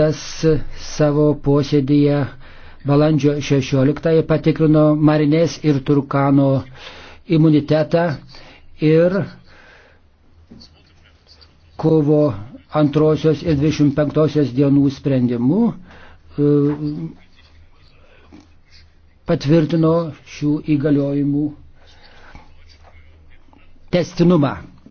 tas savo posėdėje balandžio 16 patikrino Marinės ir Turkano imunitetą ir kovo 2 ir 25 dienų sprendimu e, patvirtino šių įgaliojimų testinumą.